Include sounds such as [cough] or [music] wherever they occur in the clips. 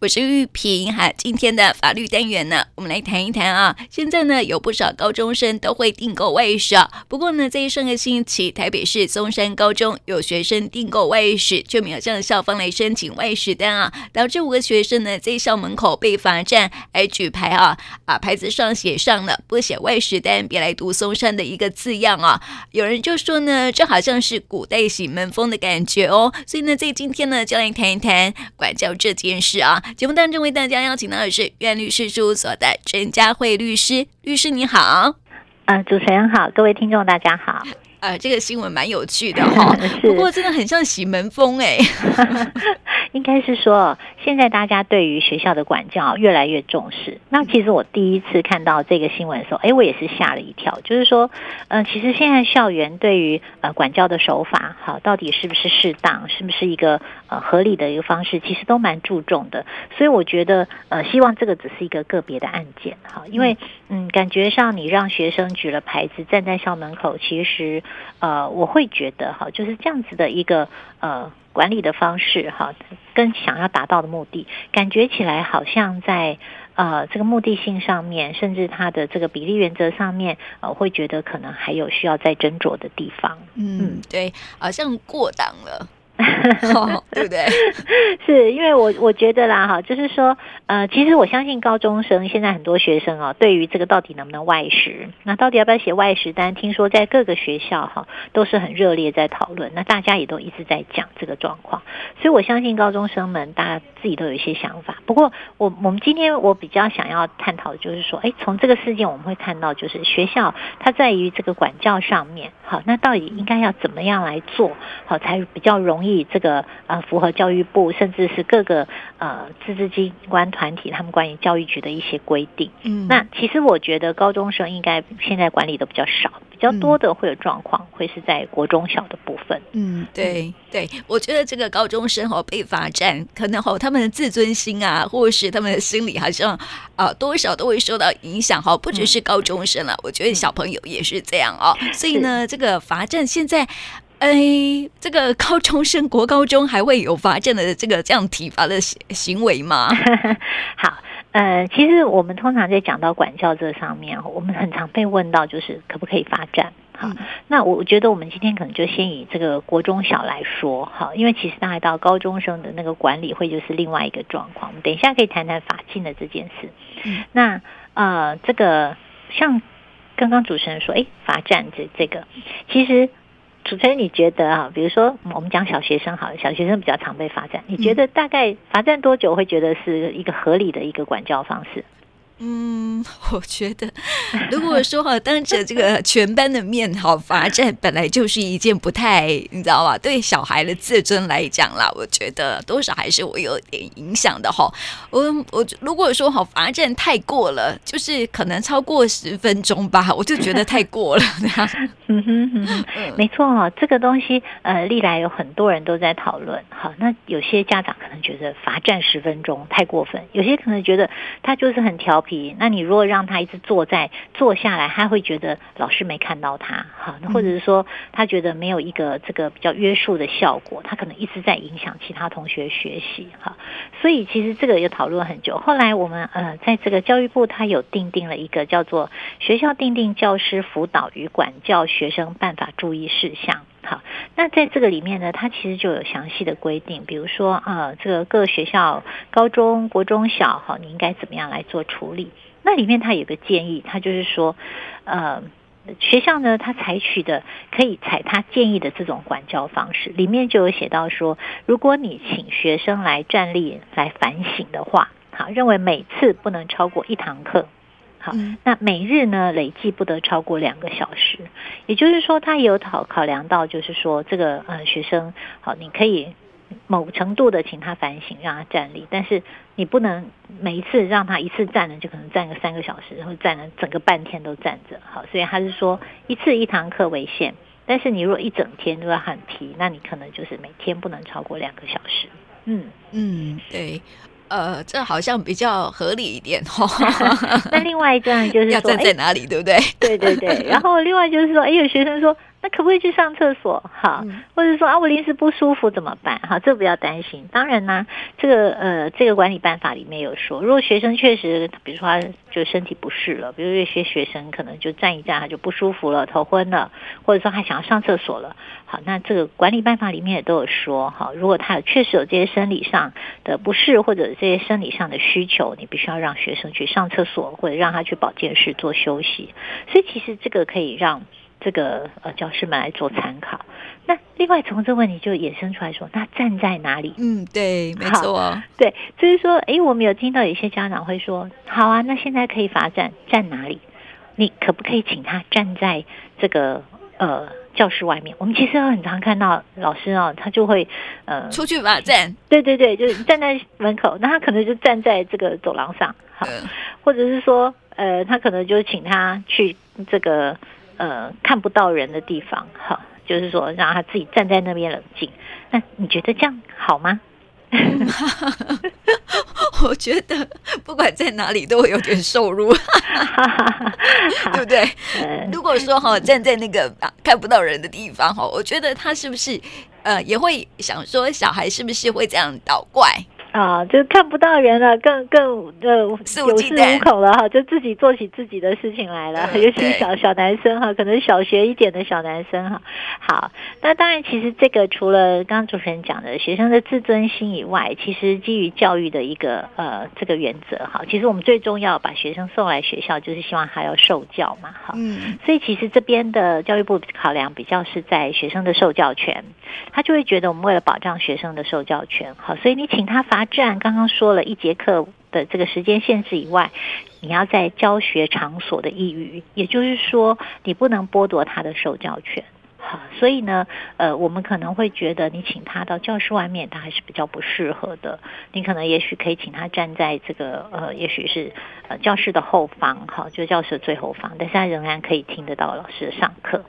我是玉萍。哈，今天的法律單元呢，我們來談一談啊。現在呢，有不少高中生都會訂購外食啊，不過呢，在上個星期，台北市松山高中有學生訂購外食卻沒有向校方來申請外食單啊，導致五個學生呢在校門口被罰站，還舉牌啊啊，牌子上寫上了“不寫外食單別來讀松山”的一個字樣啊。有人就說呢，這好像是古代洗門風的感覺哦。所以呢，在今天呢，就來談一談管教這件事啊。節目當中為大家邀請到的是苑律師事務所的鄭嘉慧律師，律師你好，嗯、呃，主持人好，各位聽眾大家好，呃，這個新聞蠻有趣的哈 [laughs] 是、哦，不過真的很像洗門風哎， [laughs] [laughs] 應該是說。現在大家對於學校的管教越來越重視，那其實我第一次看到這個新聞的時候，誒，我也是嚇了一跳。就是說，嗯、呃，其實現在校園對於呃管教的手法，好，到底是不是適當，是不是一個呃合理的一個方式，其實都蠻注重的。所以我覺得，呃，希望這個只是一個個別的案件，哈。因為嗯，感覺上你讓學生舉了牌子站在校門口，其實呃，我會覺得哈，就是這樣子的一個呃。管理的方式，哈，跟想要達到的目的，感覺起來好像在呃這個目的性上面，甚至它的這個比例原則上面，呃，會覺得可能還有需要再斟酌的地方。嗯，嗯對，好像過當了。 [laughs] oh, 對不對？是因為我我覺得啦，哈，就是說，呃，其實我相信高中生現在很多學生哦、啊，對於這個到底能不能外食，那到底要不要寫外食單，聽說在各個學校哈、啊，都是很熱烈在討論。那大家也都一直在講這個狀況，所以我相信高中生們大家自己都有一些想法。不過我，我我們今天我比較想要探討的就是說，哎，從這個事件我們會看到，就是學校它在於這個管教上面，好，那到底應該要怎麼樣來做，好，才比較容易。以這個呃符合教育部，甚至是各個呃自治機關團體，他們關於教育局的一些規定。嗯，那其實我覺得高中生應該現在管理的比較少，比較多的會有狀況，嗯、會是在國中小的部分。嗯，對對，我覺得這個高中生好、哦、被罰站，可能好、哦、他們的自尊心啊，或是他們的心理好像啊多少都會受到影響。好，不只是高中生了，嗯、我覺得小朋友也是這樣哦。嗯、所以呢，是這個罰站現在。哎，這個高中生，國高中還會有罰站的這個這樣體罰的行行為嗎？ [laughs] 好，呃，其實我們通常在講到管教這上面，我們很常被問到，就是可不可以罰站？好，嗯、那我覺得我們今天可能就先以這個國中小來說，好，因為其實大概到高中生的那個管理會就是另外一個狀況。我們等一下可以談談髮禁的這件事。嗯、那呃，這個像剛剛主持人說，哎，罰站這這個，其實。主持人，你覺得啊，比如說我們講小學生好，小學生比較常被罰站，你覺得大概罰站多久會覺得是一個合理的一個管教方式？嗯，我覺得，如果說哈，當着這個全班的面好，哦，罰站，本來就是一件不太，你知道吧？對小孩的自尊來講啦，我覺得多少還是會有點影響的哈、哦。我我如果說哈，罰站太過了，就是可能超過十分鐘吧，我就覺得太過了。 [laughs] 嗯、哼哼哼沒錯哈、哦，這個東西呃，歷來有很多人都在討論好，那有些家長可能覺得罰站十分鐘太過分，有些可能覺得他就是很調皮。那你如果讓他一直坐在坐下來，他會覺得老師沒看到他哈，或者是說他覺得沒有一個這個比較約束的效果，他可能一直在影響其他同學學習哈。所以其實這個也討論了很久。後來我們呃在這個教育部，他有訂定了一個叫做《學校訂定教師輔導與管教學生辦法》注意事項。好，那在這個裡面呢，它其實就有詳細的規定，比如說，啊，呃，這個各學校高中國中小，好，你應該怎麼樣來做處理？那裡面它有個建議，它就是說，呃，學校呢，他採取的可以採他建議的這種管教方式，裡面就有寫到說，如果你請學生來站立來反省的話，好，認為每次不能超過一堂課。好，那每日呢累計不得超過兩個小時，也就是說，他也有考考量到，就是說這個呃、嗯、學生好，你可以某程度的請他反省，讓他站立，但是你不能每一次讓他一次站着就可能站個三個小時，然後站了整個半天都站着。好，所以他是說一次一堂課為限，但是你如果一整天都要喊停，那你可能就是每天不能超過兩個小時。嗯嗯，對。呃，這好像比較合理一點哦。呵呵 [laughs] [laughs] 那另外一段就是要站在哪裡，欸、對不對？對對對。然後另外就是說，哎、欸，有學生說。那可不可以去上廁所？哈，或者說啊，我臨時不舒服怎麼辦？哈，這不要擔心。當然呢，這個呃，這個管理辦法裡面有說，如果學生確實，比如說他就身體不適了，比如有些學生可能就站一站，他就不舒服了，頭昏了，或者說他想要上廁所了。好，那這個管理辦法裡面也都有說，哈，如果他確實有這些生理上的不適，或者這些生理上的需求，你必須要讓學生去上廁所，或者讓他去保健室做休息。所以其實這個可以讓。這個呃，教師們來做參考。那另外從這問題就衍生出來說，那站在哪裡？嗯，對，沒錯，哦，對。就是說，哎，我們有聽到有些家長會說，好啊，那現在可以罰站，站哪裡？你可不可以請他站在這個呃教室外面？我們其實很常看到老師啊，哦，他就會呃出去罰站。對對對，就是站在門口，那 [laughs] 他可能就站在這個走廊上，好，嗯，或者是說呃，他可能就請他去這個。呃，看不到人的地方，就是說讓他自己站在那邊冷靜。那你覺得這樣好嗎？ [laughs] 我覺得不管在哪裡都會有點受辱，對不對？呃、如果說哈站在那個啊看不到人的地方哈，我覺得他是不是呃也會想說，小孩是不是會這樣搞怪？啊，就看不到人了，更更呃有恃無恐了哈，就自己做起自己的事情來了。嗯、尤其是小對小男生哈，可能小學一點的小男生哈。好，那當然，其實這個除了剛剛主持人講的學生的自尊心以外，其實基於教育的一個呃這個原則哈，其實我們最重要把學生送來學校，就是希望他要受教嘛哈。嗯。所以其實這邊的教育部考量比較是在學生的受教權，他就會覺得我們為了保障學生的受教權，好，所以你請他罰。他既然剛剛說了一節課的這個時間限制以外，你要在教學場所的一隅。也就是說，你不能剝奪他的受教權。好，所以呢，呃，我們可能會覺得你請他到教室外面，他還是比較不適合的。你可能也許可以請他站在這個呃，也許是呃教室的後方，好，就教室的最後方，但是他仍然可以聽得到老師上課。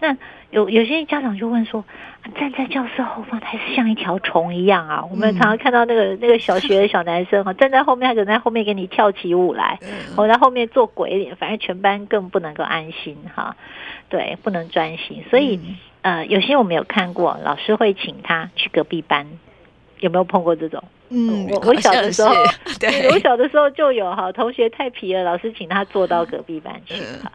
那有有些家長就問說，啊、站在教室後方，他是像一條蟲一樣啊！嗯、我們常常看到那個那個小學的小男生哈， [laughs] 站在後面，他就在後面給你跳起舞來，嗯、我在後面做鬼臉，反正全班更不能夠安心哈。對，不能專心，所以、嗯、呃，有些我們有看過，老師會請他去隔壁班，有沒有碰過這種？嗯，我我小的時候、嗯對嗯，我小的時候就有哈，同學太皮了，老師請他坐到隔壁班去、嗯嗯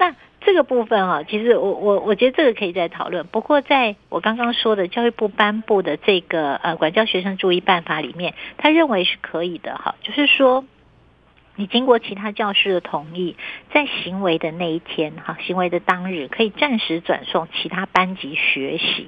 那這個部分哈、啊，其實我我我覺得這個可以再討論。不過在我剛剛說的教育部頒布的這個呃管教學生注意辦法裡面，他認為是可以的哈，就是說你經過其他教師的同意，在行為的那一天哈，行為的當日可以暫時轉送其他班級學習。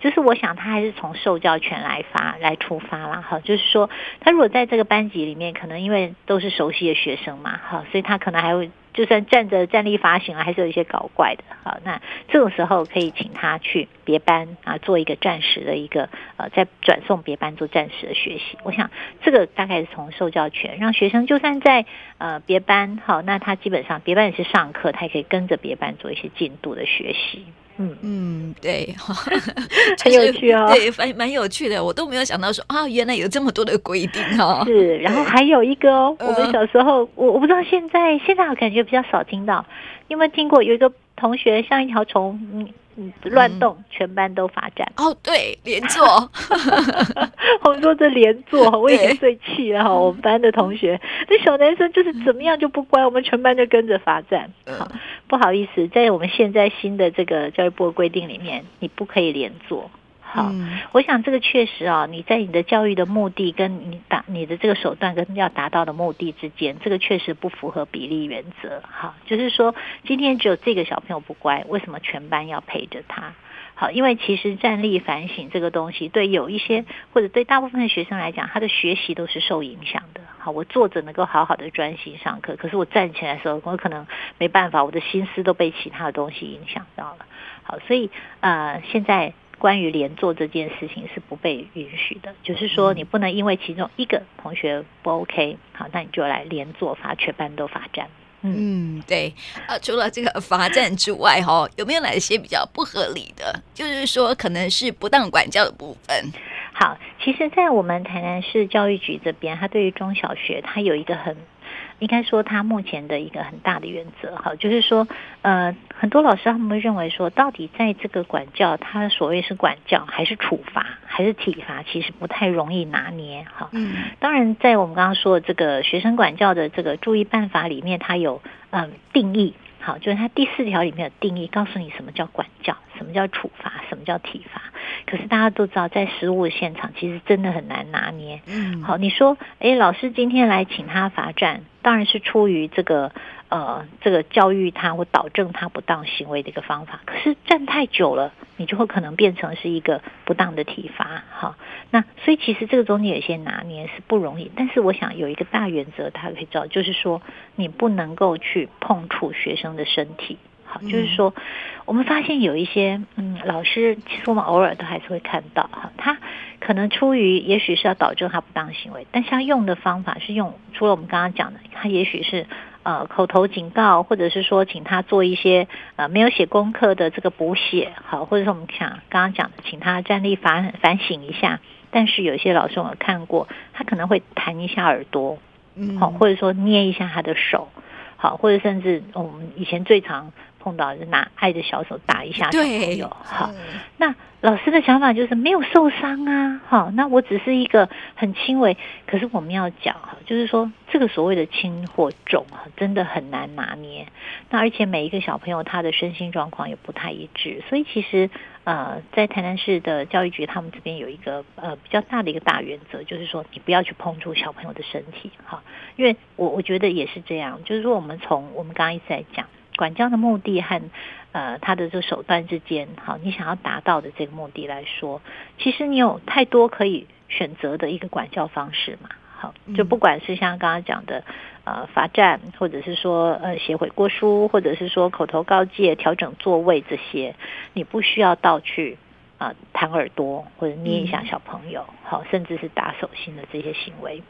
就是我想他還是從受教權來發來出發啦哈，就是說他如果在這個班級裡面，可能因為都是熟悉的學生嘛哈，所以他可能還會。就算站着站立發行啊，還是有一些搞怪的。好，那這種時候可以請他去別班啊，做一個暫時的一個呃，再轉送別班做暫時的學習。我想這個大概是從受教權，讓學生就算在呃別班好，那他基本上別班也是上課，他也可以跟着別班做一些進度的學習。嗯 [noise] 嗯，對，哈、 [laughs] 就是、 [laughs] 很有趣哦，對，蠻蠻有趣的，我都沒有想到說啊、哦，原來有這麼多的規定哦。 [laughs] 是，然後還有一個，哦，我們小時候，我、呃、我不知道現在現在我感覺比較少聽到，你有沒有聽過有一個同學像一條蟲？嗯。你亂動，嗯、全班都罰站。哦，對，連坐。 [laughs] [laughs] 我們說這連坐，對我也最氣了。我們班的同學，嗯、那小男生就是怎麼樣就不乖，嗯、我們全班就跟着罰站。好，不好意思，在我們現在新的這個教育部的規定裡面，你不可以連坐。好，我想這個確實啊、哦，你在你的教育的目的跟你達你的這個手段跟要達到的目的之間，這個確實不符合比例原則。哈，就是說，今天只有這個小朋友不乖，為什麼全班要陪着他？好，因為其實站立反省這個東西，對有一些或者對大部分的學生來講，他的學習都是受影響的。好，我坐着能夠好好的專心上課，可是我站起來的時候，我可能沒辦法，我的心思都被其他的東西影響到了。好，所以呃，現在。關於連坐這件事情是不被允許的，就是說你不能因為其中一個同學不 OK，好，那你就來連坐罰全班都罰站。嗯，嗯，對。啊，除了這個罰站之外，哈， [laughs] 有沒有哪一些比較不合理的？就是說，可能是不當管教的部分。好，其實，在我們台南市教育局這邊，它對於中小學，它有一個很。應該說，他目前的一個很大的原則，好，就是說，呃，很多老師他們會認為說，到底在這個管教，他所謂是管教還是處罰還是體罰，其實不太容易拿捏，哈。嗯。當然，在我們剛剛說的這個學生管教的這個注意辦法裡面，它有嗯定義，好，就是它第四條裡面有定義，告訴你什麼叫管教，什麼叫處罰，什麼叫體罰。可是大家都知道，在實務現場，其實真的很難拿捏。嗯。好，你說，哎，老師今天來請他罰站。當然是出於這個，呃，這個教育他或導正他不當行為的一個方法。可是站太久了，你就會可能變成是一個不當的體罰，哈。那所以其實這個中間有些拿捏是不容易。但是我想有一個大原則，大家可以知道，就是說你不能夠去碰觸學生的身體，就是說，嗯、我們發現有一些嗯，老師，其實我們偶爾都還是會看到哈，他可能出於也許是要導正他不當行為，但是他用的方法是用除了我們剛剛講的，他也許是呃口頭警告，或者是說請他做一些呃沒有寫功課的這個補寫，好，或者是我們想剛剛講的，請他站立反反省一下。但是有一些老師我們有看過，他可能會彈一下耳朵，好、哦，嗯、或者說捏一下他的手，好，或者甚至我們以前最常碰到就拿愛的小手打一下小朋友，對好。那老師的想法就是沒有受傷啊，好。那我只是一個很輕微，可是我們要講哈，就是說這個所謂的輕或重真的很難拿捏。那而且每一個小朋友他的身心狀況也不太一致，所以其實呃，在台南市的教育局他們這邊有一個呃比較大的一個大原則，就是說你不要去碰觸小朋友的身體，好。因為我我覺得也是這樣，就是說我們從我們剛剛一直在講。管教的目的和呃他的這手段之間，好，你想要達到的這個目的來說，其實你有太多可以選擇的一個管教方式嘛。好，就不管是像剛剛講的呃罰站，或者是說呃寫悔過書，或者是說口頭告誡、調整座位這些，你不需要到去啊、呃、彈耳朵或者捏一下小朋友，嗯、好，甚至是打手心的這些行為。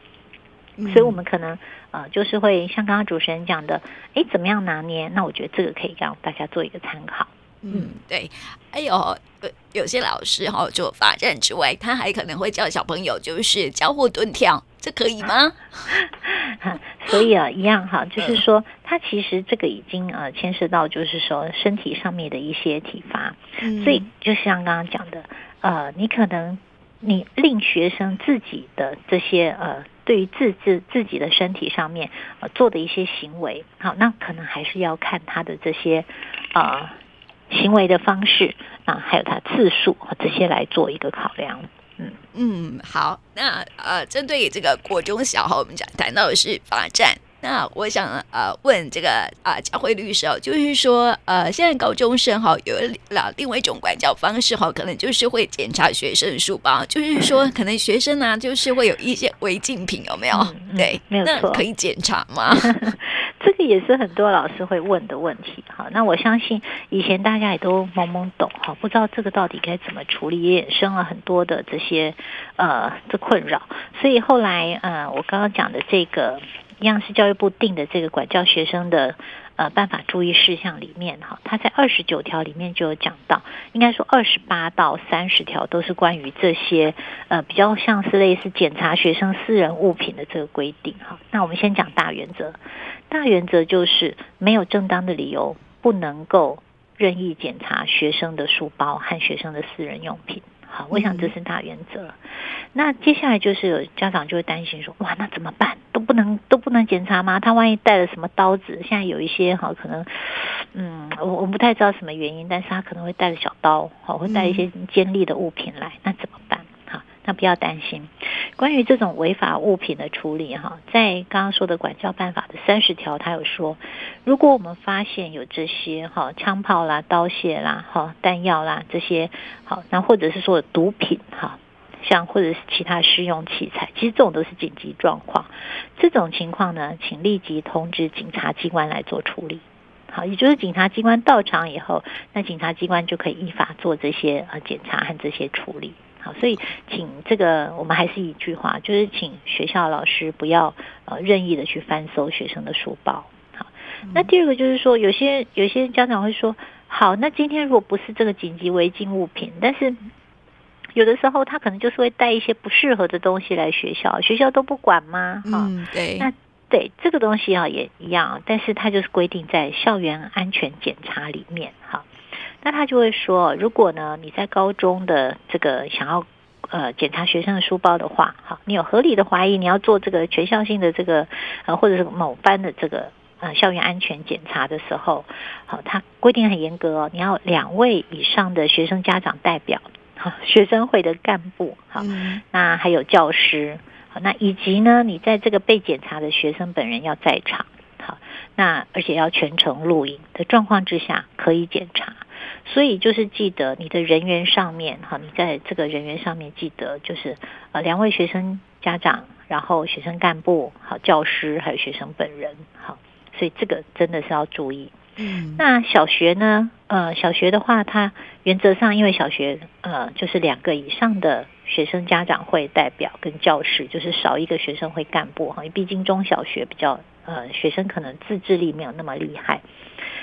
所以，我們可能、嗯、呃，就是會像剛剛主持人講的，哎，怎麼樣拿捏？那我覺得這個可以讓大家做一個參考。嗯，嗯對。哎呦，有些老師哈、哦、做罰站之外，他還可能會叫小朋友就是交互蹲跳，這可以嗎？ [laughs] 呵呵所以啊，一樣哈，就是說，嗯、他其實這個已經呃，牽涉到就是說身體上面的一些體罰。嗯、所以，就像剛剛講的，呃，你可能。你令學生自己的這些呃，對於自自自己的身體上面、呃、做的一些行為，好，那可能還是要看他的這些啊、呃、行為的方式啊、呃，還有他次數這些來做一個考量。嗯嗯，好，那呃，針對這個國中小，好，我們講談到的是罰站。那我想啊、呃，問這個啊、嘉慧律師哦，就是說呃，現在高中生哈有了另外一種管教方式哈，可能就是會檢查學生書包，嗯、就是說可能學生呢、啊、就是會有一些違禁品，有沒有？嗯、對，沒有錯，那可以檢查嗎？ [laughs] 這個也是很多老師會問的問題。哈。那我相信以前大家也都懵懵懂哈，不知道這個到底該怎麼處理，也衍生了很多的這些呃的困擾。所以後來啊、呃，我剛剛講的這個。一樣是教育部定的這個管教學生的呃辦法注意事項裡面哈，他在二十九條裡面就有講到，應該說二十八到三十條都是關於這些呃比較像是類似檢查學生私人物品的這個規定哈。那我們先講大原則，大原則就是沒有正當的理由，不能夠任意檢查學生的書包和學生的私人用品。好，我想這是大原則。嗯、那接下來就是有家長就會擔心說：哇，那怎麼辦？都不能都不能檢查嗎？他萬一帶了什麼刀子？現在有一些哈、哦，可能嗯，我我不太知道什麼原因，但是他可能會帶着小刀，好、哦，會帶一些尖利的物品來，嗯、那怎麼辦？那不要擔心，關於這種違法物品的處理，哈，在剛剛說的管教辦法的三十條，他有說，如果我們發現有這些哈槍炮啦、刀械啦、哈彈藥啦這些哈，那或者是說毒品哈，像或者是其他使用器材，其實這種都是緊急狀況。這種情況呢，請立即通知警察機關來做處理。好，也就是警察機關到場以後，那警察機關就可以依法做這些檢查和這些處理。好，所以請這個我們還是一句話，就是請學校老師不要呃任意的去翻搜學生的書包。好，那第二個就是說，有些有些家長會說，好，那今天如果不是這個緊急違禁物品，但是有的時候他可能就是會帶一些不適合的東西來學校，學校都不管嗎？哈、哦嗯，對，那對這個東西啊也一樣，但是他就是規定在校園安全檢查裡面哈。那他就會說，如果呢，你在高中的這個想要呃檢查學生的書包的話，好，你有合理的懷疑，你要做這個全校性的這個呃或者是某班的這個呃校園安全檢查的時候，好，他規定很嚴格哦，你要兩位以上的學生家長代表，好，學生會的幹部，好，嗯、那還有教師，好，那以及呢，你在這個被檢查的學生本人要在場，好，那而且要全程錄音的狀況之下，可以檢查。所以就是記得你的人員上面哈，你在這個人員上面記得就是呃兩位學生家長，然後學生幹部，好，教師還有學生本人好，所以這個真的是要注意。嗯，那小學呢？呃，小學的話，它原則上因為小學呃就是兩個以上的學生家長會代表跟教師，就是少一個學生會幹部哈，因為畢竟中小學比較呃學生可能自制力沒有那麼厲害，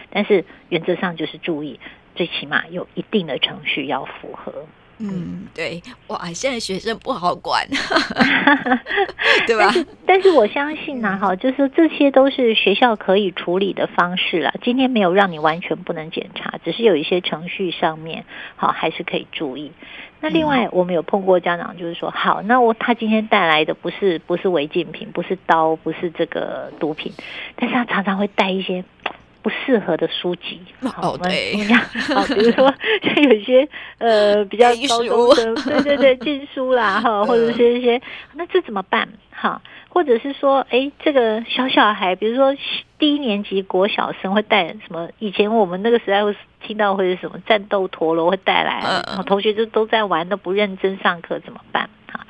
但是原則上就是注意。最起碼有一定的程序要符合，嗯，嗯，對，哇，現在學生不好管， [laughs] 是對吧？但是我相信呢，哈，就是說，這些都是學校可以處理的方式了。今天沒有讓你完全不能檢查，只是有一些程序上面，好，還是可以注意。那另外，嗯、我們有碰過家長，就是說，好，那我他今天帶來的不是，不是違禁品，不是刀，不是這個毒品，但是他常常會帶一些。不適合的書籍，好，我們講，好，比如說 [laughs] 像有一些呃比較高中生， [laughs] 對對對，禁書啦哈，或者是一些、嗯、那這怎麼辦？哈，或者是說，哎、欸，這個小小孩，比如說低年級國小生會帶什麼？以前我們那個時代會聽到會是什麼戰鬥陀螺會帶來，嗯、同學就都在玩，都不認真上課，怎麼辦？哈，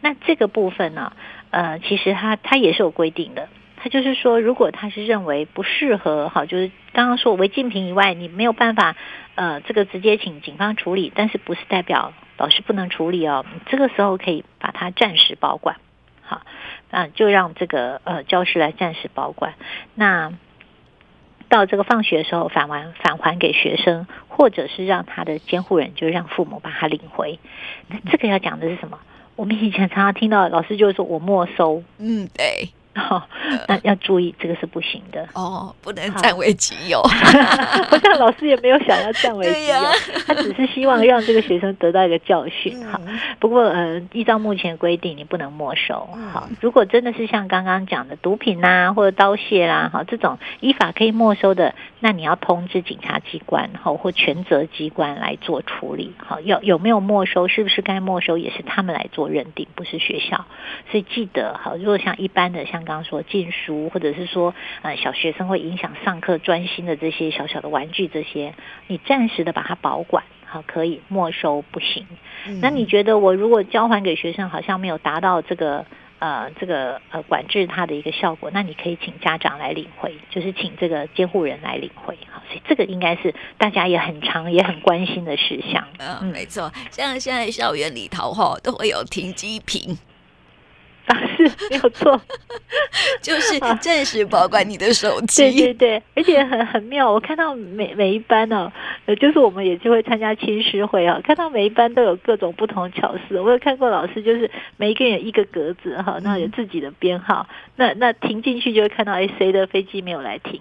那這個部分呢、啊？呃，其實它它也是有規定的。他就是說，如果他是認為不適合哈，就是剛剛說違禁品以外，你沒有辦法呃，這個直接請警方處理，但是不是代表老師不能處理哦？你這個時候可以把它暫時保管，好，啊、呃，就讓這個呃教師來暫時保管。那到這個放學的時候，返完返還給學生，或者是讓他的監護人，就是讓父母把他領回。那這個要講的是什麼？我們以前常常聽到老師就是說我沒收，嗯，對。好、哦，那要注意，呃、這個是不行的哦，不能佔為己有。好 [laughs] 好像老師也沒有想要佔為己有，對呀他只是希望讓這個學生得到一個教訓。嗯、不過呃，依照目前的規定，你不能沒收、嗯。如果真的是像剛剛講的毒品吶、啊，或者刀械啦、啊，好，這種依法可以沒收的。那你要通知警察機關，哈或全責機關來做處理，好，有有沒有沒收，是不是該沒收也是他們來做認定，不是學校。所以記得，好，如果像一般的，像剛剛說禁書，或者是說，呃，小學生會影響上課專心的這些小小的玩具，這些你暫時的把它保管，好，可以，沒收不行。嗯，那你覺得我如果交還給學生，好像沒有達到這個。呃，這個呃，管制他的一個效果，那你可以請家長來領回，就是請這個監護人來領回哈，所以這個應該是大家也很常也很關心的事項。嗯、啊，沒錯，像現在校園裡頭哈，都會有停機坪。啊、沒有錯，就是暫時保管你的手機、 [laughs] 啊。對對對，而且很很妙，我看到每每一班哦、啊，就是我們也就會參加親師會啊，看到每一班都有各種不同的巧思。我有看過老師，就是每一個人有一個格子哈，那有自己的編號，嗯、那那停進去就會看到誰的飛機沒有來停。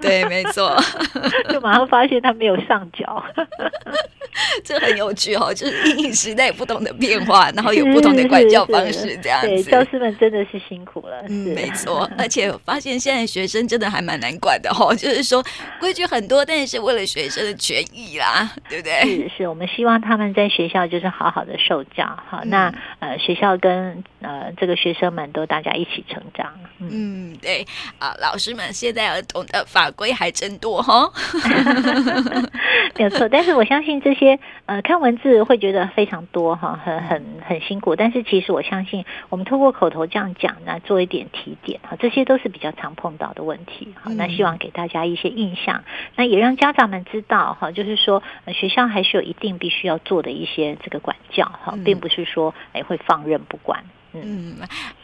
對對，沒錯， [laughs] 就馬上發現它沒有上腳， [laughs] [laughs] 這很有趣哦，就是因應時代不同的變化，然後有不同的管教方式是是是是這樣子。對老師們真的是辛苦了、嗯，沒錯，而且我發現現在學生真的還蠻難管的哦， [laughs] 就是說規矩很多，但是為了學生的權益啦， [laughs] 對不對？是是，我們希望他們在學校就是好好的受教哈。好嗯、那呃，學校跟呃這個學生們都大家一起成長。嗯，嗯對啊，老師們現在兒童的法規還真多哈、哦， [laughs] [laughs] 沒有錯。但是我相信這些呃，看文字會覺得非常多哈、哦，很很很辛苦。但是其實我相信我們通過。口頭這樣講，那做一點提點，好，這些都是比較常碰到的問題，好、嗯，那希望給大家一些印象，那也讓家長們知道，哈，就是說學校還是有一定必須要做的一些這個管教，哈、嗯，並不是說哎會放任不管，嗯，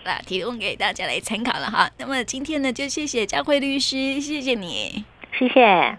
那、嗯、提供給大家來參考了哈。那麼今天呢，就謝謝嘉慧律師，謝謝你，謝謝。